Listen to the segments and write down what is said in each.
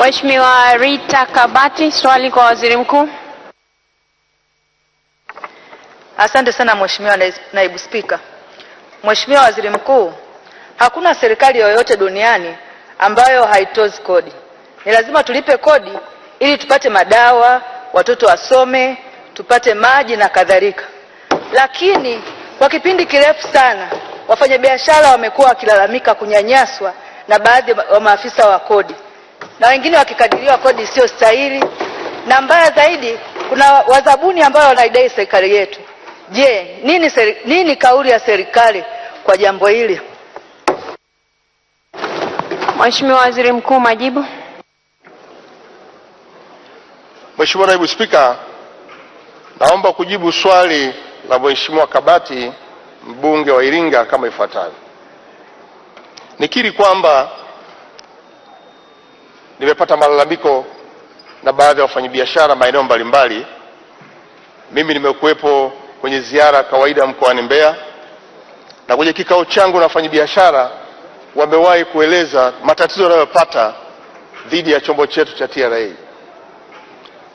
Mheshimiwa Rita Kabati, swali kwa Waziri Mkuu. Asante sana Mheshimiwa Naibu Spika. Mheshimiwa Waziri Mkuu, hakuna serikali yoyote duniani ambayo haitozi kodi. Ni lazima tulipe kodi ili tupate madawa, watoto wasome, tupate maji na kadhalika. Lakini kwa kipindi kirefu sana wafanyabiashara wamekuwa wakilalamika kunyanyaswa na baadhi ya maafisa wa kodi na wengine wakikadiriwa kodi isiyo stahili, na mbaya zaidi kuna wazabuni ambao wanaidai serikali yetu. Je, nini, seri, nini kauli ya serikali kwa jambo hili? Mheshimiwa Waziri Mkuu, majibu. Mheshimiwa Naibu Spika, naomba kujibu swali la Mheshimiwa Kabati mbunge wa Iringa kama ifuatavyo. Nikiri kwamba Nimepata malalamiko na baadhi ya wafanyabiashara maeneo mbalimbali. Mimi nimekuwepo kwenye ziara kawaida mkoani Mbeya, na kwenye kikao changu na wafanyabiashara wamewahi kueleza matatizo wanayopata dhidi ya chombo chetu cha TRA.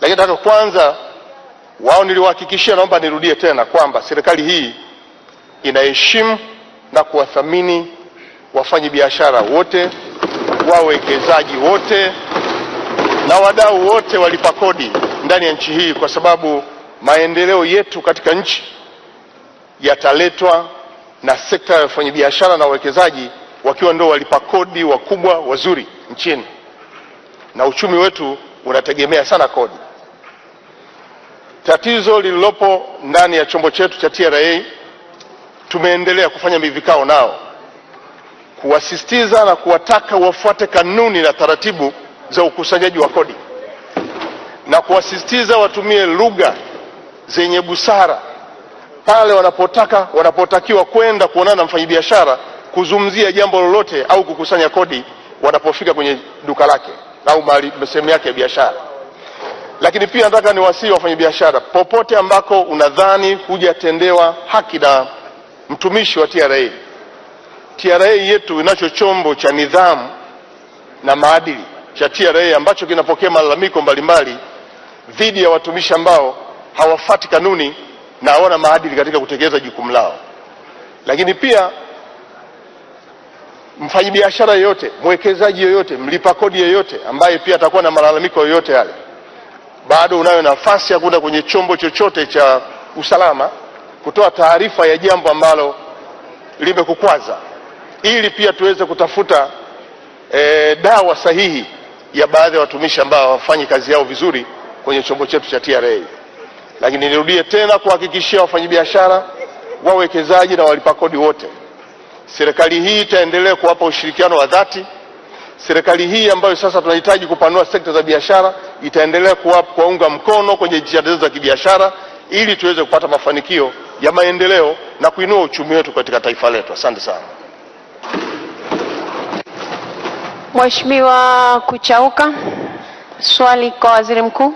Lakini hata kwanza wao niliwahakikishia, naomba nirudie tena kwamba serikali hii inaheshimu na kuwathamini wafanyabiashara wote wawekezaji wote na wadau wote walipa kodi ndani ya nchi hii, kwa sababu maendeleo yetu katika nchi yataletwa na sekta ya wafanyabiashara na wawekezaji wakiwa ndio walipa kodi wakubwa wazuri nchini, na uchumi wetu unategemea sana kodi. Tatizo lililopo ndani ya chombo chetu cha TRA, tumeendelea kufanya mivikao nao kuwasisitiza na kuwataka wafuate kanuni na taratibu za ukusanyaji wa kodi na kuwasisitiza watumie lugha zenye busara pale wanapotaka wanapotakiwa kwenda kuonana na mfanyabiashara kuzungumzia jambo lolote au kukusanya kodi wanapofika kwenye duka lake au sehemu yake ya biashara. Lakini pia nataka niwasihi wafanyabiashara, popote ambako unadhani hujatendewa haki na mtumishi wa TRA TRA yetu inacho chombo cha nidhamu na maadili cha TRA ambacho kinapokea malalamiko mbalimbali dhidi ya watumishi ambao hawafati kanuni na hawana maadili katika kutekeleza jukumu lao. Lakini pia mfanyabiashara yoyote mwekezaji yoyote mlipa kodi yoyote ambaye pia atakuwa na malalamiko yoyote yale, bado unayo nafasi ya kwenda kwenye chombo chochote cha usalama kutoa taarifa ya jambo ambalo limekukwaza ili pia tuweze kutafuta e, dawa sahihi ya baadhi ya watumishi ambao hawafanyi kazi yao vizuri kwenye chombo chetu cha TRA. Lakini nirudie tena kuhakikishia wafanyabiashara, wawekezaji na walipa kodi wote, serikali hii itaendelea kuwapa ushirikiano wa dhati. Serikali hii ambayo sasa tunahitaji kupanua sekta za biashara itaendelea kuwaunga mkono kwenye jitihada zetu za kibiashara ili tuweze kupata mafanikio ya maendeleo na kuinua uchumi wetu katika taifa letu. Asante sana. Mheshimiwa Kuchauka, swali kwa Waziri Mkuu.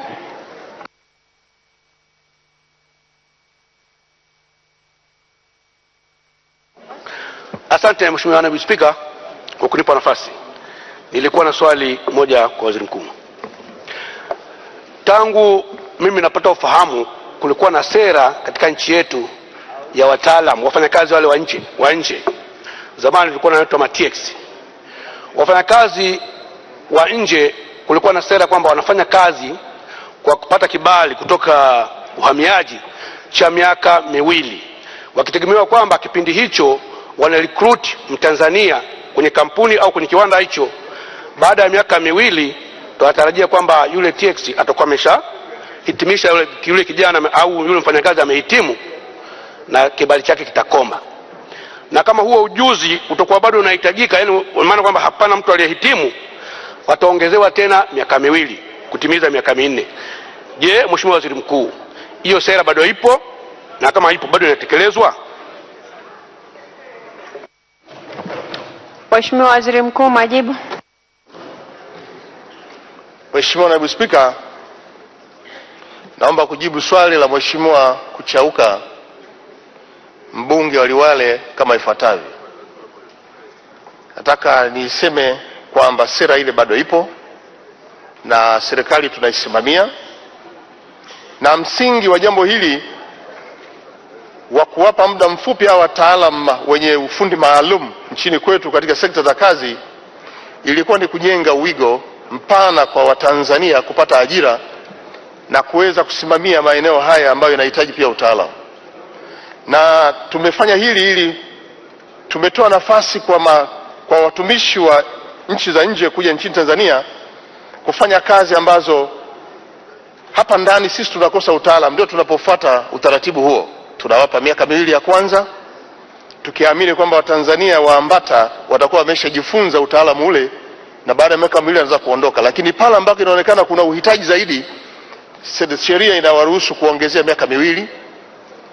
Asante Mheshimiwa Naibu Spika kwa kunipa nafasi. Nilikuwa na swali moja kwa Waziri Mkuu. Tangu mimi napata ufahamu, kulikuwa na sera katika nchi yetu ya wataalam wafanyakazi wale wa nje wa nje, zamani tulikuwa naitwa ma TX Wafanyakazi wa nje, kulikuwa na sera kwamba wanafanya kazi kwa kupata kibali kutoka uhamiaji cha miaka miwili, wakitegemewa kwamba kipindi hicho wanarecruit mtanzania kwenye kampuni au kwenye kiwanda hicho. Baada ya miaka miwili, tunatarajia kwamba yule TX atakuwa ameshahitimisha, yule kijana au yule mfanyakazi amehitimu na kibali chake kitakoma na kama huo ujuzi utakuwa bado unahitajika, yani maana kwamba hapana mtu aliyehitimu, wataongezewa tena miaka miwili kutimiza miaka minne. Je, Mheshimiwa Waziri Mkuu, hiyo sera bado ipo? Na kama ipo, bado inatekelezwa? Mheshimiwa Waziri Mkuu, majibu. Mheshimiwa Naibu Spika, naomba kujibu swali la Mheshimiwa Kuchauka mbunge wa Liwale kama ifuatavyo. Nataka niseme kwamba sera ile bado ipo na serikali tunaisimamia, na msingi wa jambo hili wa kuwapa muda mfupi hawa wataalam wenye ufundi maalum nchini kwetu katika sekta za kazi ilikuwa ni kujenga wigo mpana kwa Watanzania kupata ajira na kuweza kusimamia maeneo haya ambayo yanahitaji pia utaalamu na tumefanya hili ili tumetoa nafasi kwa, ma, kwa watumishi wa nchi za nje kuja nchini Tanzania kufanya kazi ambazo hapa ndani sisi tunakosa utaalam. Ndio tunapofuata utaratibu huo, tunawapa miaka miwili ya kwanza tukiamini kwamba Watanzania waambata watakuwa wameshajifunza utaalamu ule, na baada ya miaka miwili wanaweza kuondoka. Lakini pale ambako inaonekana kuna uhitaji zaidi, sheria inawaruhusu kuongezea miaka miwili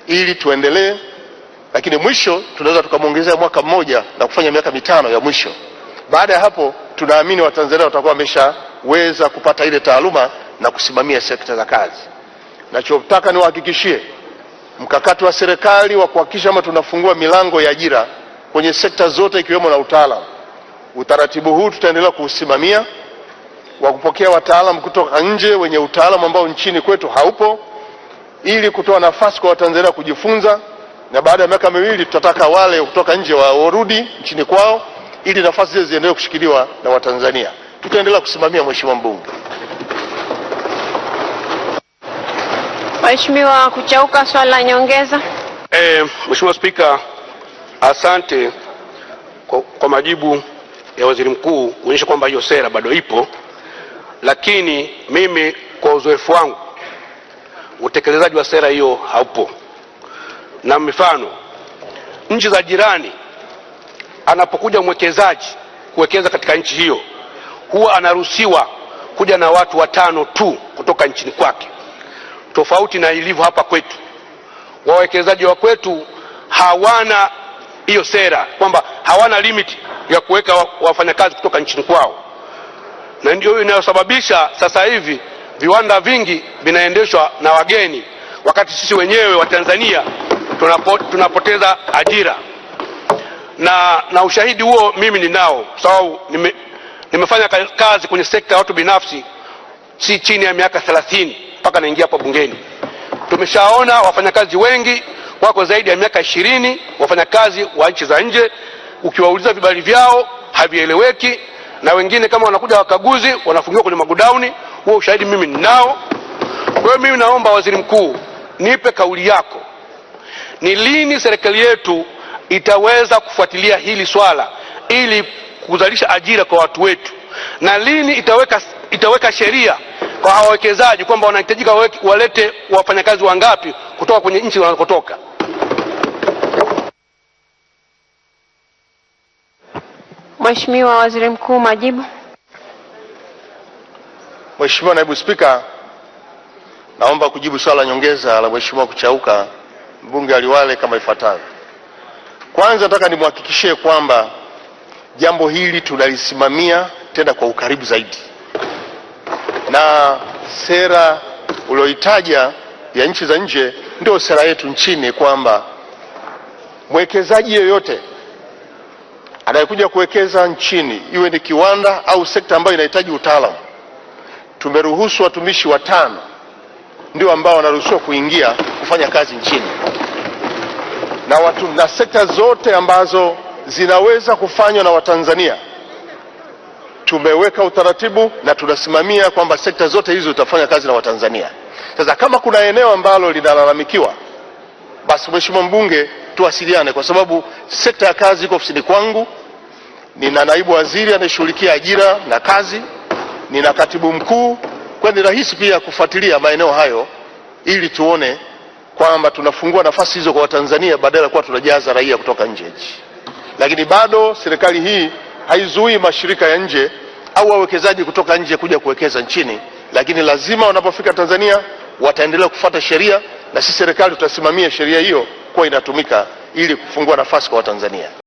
ili tuendelee, lakini mwisho tunaweza tukamwongezea mwaka mmoja na kufanya miaka mitano ya mwisho. Baada ya hapo, tunaamini Watanzania watakuwa wameshaweza kupata ile taaluma na kusimamia sekta za kazi. Nachotaka niwahakikishie mkakati wa serikali wa kuhakikisha kwamba tunafungua milango ya ajira kwenye sekta zote ikiwemo na utaalam Utaratibu huu tutaendelea kuusimamia wa kupokea wataalam kutoka nje wenye utaalam ambao nchini kwetu haupo ili kutoa nafasi kwa Watanzania kujifunza, na baada ya miaka miwili tutataka wale kutoka nje warudi nchini kwao ili nafasi zile ziendelee kushikiliwa na Watanzania. Tutaendelea kusimamia, Mheshimiwa Mbunge. Mheshimiwa Kuchauka, swali la nyongeza. Eh, Mheshimiwa Spika, asante kwa, kwa majibu ya Waziri Mkuu kuonyesha kwamba hiyo sera bado ipo, lakini mimi kwa uzoefu wangu utekelezaji wa sera hiyo haupo. Na mifano nchi za jirani, anapokuja mwekezaji kuwekeza katika nchi hiyo, huwa anaruhusiwa kuja na watu watano tu kutoka nchini kwake, tofauti na ilivyo hapa kwetu. Wawekezaji wa kwetu hawana hiyo sera kwamba hawana limiti ya kuweka wafanyakazi kutoka nchini kwao, na ndio hiyo inayosababisha sasa hivi viwanda vingi vinaendeshwa na wageni, wakati sisi wenyewe wa Tanzania tunapo, tunapoteza ajira na, na ushahidi huo mimi ninao kwa sababu nime, nimefanya kazi kwenye sekta ya watu binafsi si chini ya miaka thelathini mpaka naingia hapo bungeni. Tumeshaona wafanyakazi wengi wako zaidi ya miaka ishirini, wafanyakazi wa nchi za nje, ukiwauliza vibali vyao havieleweki, na wengine kama wanakuja wakaguzi wanafungiwa kwenye magudauni huo ushahidi mimi ninao. Kwa hiyo mimi naomba waziri mkuu, nipe kauli yako, ni lini serikali yetu itaweza kufuatilia hili swala ili kuzalisha ajira kwa watu wetu, na lini itaweka, itaweka sheria kwa wawekezaji kwamba wanahitajika walete wafanyakazi wangapi kutoka kwenye nchi wanakotoka. Mheshimiwa Waziri Mkuu, majibu. Mheshimiwa Naibu Spika, naomba kujibu swala nyongeza la Mheshimiwa Kuchauka mbunge wa Liwale kama ifuatavyo. Kwanza nataka nimhakikishie kwamba jambo hili tunalisimamia tena kwa ukaribu zaidi, na sera ulioitaja ya nchi za nje ndio sera yetu nchini, kwamba mwekezaji yeyote anayekuja kuwekeza nchini, iwe ni kiwanda au sekta ambayo inahitaji utaalamu tumeruhusu watumishi watano ndio ambao wanaruhusiwa kuingia kufanya kazi nchini na, watu, na sekta zote ambazo zinaweza kufanywa na Watanzania tumeweka utaratibu na tunasimamia kwamba sekta zote hizo zitafanya kazi na Watanzania. Sasa kama kuna eneo ambalo linalalamikiwa, basi Mheshimiwa Mbunge, tuwasiliane, kwa sababu sekta ya kazi iko ofisini kwangu, nina naibu waziri anayeshughulikia ajira na kazi nina katibu mkuu, kwa ni rahisi pia kufuatilia maeneo hayo ili tuone kwamba tunafungua nafasi hizo kwa Watanzania badala ya kuwa tunajaza raia kutoka nje nchi. Lakini bado serikali hii haizuii mashirika ya nje au wawekezaji kutoka nje kuja kuwekeza nchini, lakini lazima wanapofika Tanzania wataendelea kufuata sheria na sisi serikali tutasimamia sheria hiyo kuwa inatumika ili kufungua nafasi kwa Watanzania.